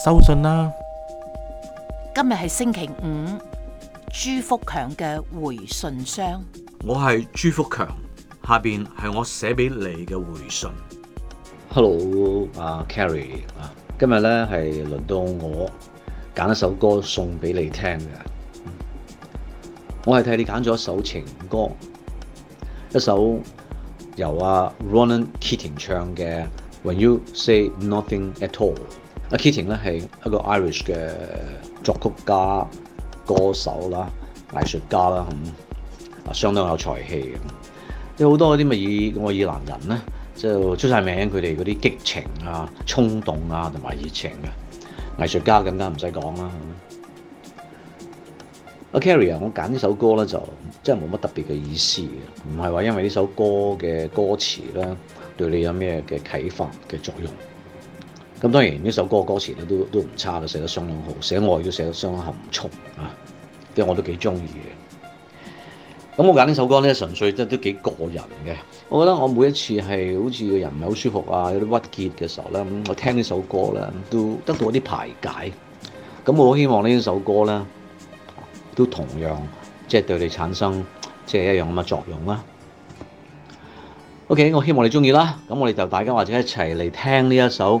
收信啦！今日係星期五，朱福強嘅回信箱。我係朱福強，下邊係我寫俾你嘅回信。Hello，阿、uh, Carrie 啊，今日呢係輪到我揀一首歌送俾你聽嘅。我係替你揀咗一首情歌，一首由阿、啊、Ronan Keating 唱嘅《When You Say Nothing At All》。阿 Kitty 咧，係一個 Irish 嘅作曲家、歌手啦、藝術家啦，咁，啊、嗯、相當有才氣嘅。啲、嗯、好多嗰啲咪愛爾蘭人咧，就出晒名，佢哋嗰啲激情啊、衝動啊同埋熱情嘅藝術家更加唔使講啦。阿 Carrie 啊，uh -huh. Uh -huh. 我揀呢首歌咧就真係冇乜特別嘅意思嘅，唔係話因為呢首歌嘅歌詞咧對你有咩嘅啟發嘅作用。咁當然呢首歌歌詞咧都都唔差嘅，寫得相當好，寫愛都寫得相當含蓄啊，即係我都幾中意嘅。咁我揀呢首歌咧，純粹即係都幾個人嘅。我覺得我每一次係好似個人唔係好舒服啊，有啲鬱結嘅時候咧，咁我聽呢首歌咧都得到一啲排解。咁我好希望呢首歌咧都同樣即係、就是、對你產生即係、就是、一樣咁嘅作用啦。OK，我希望你中意啦。咁我哋就大家或者一齊嚟聽呢一首。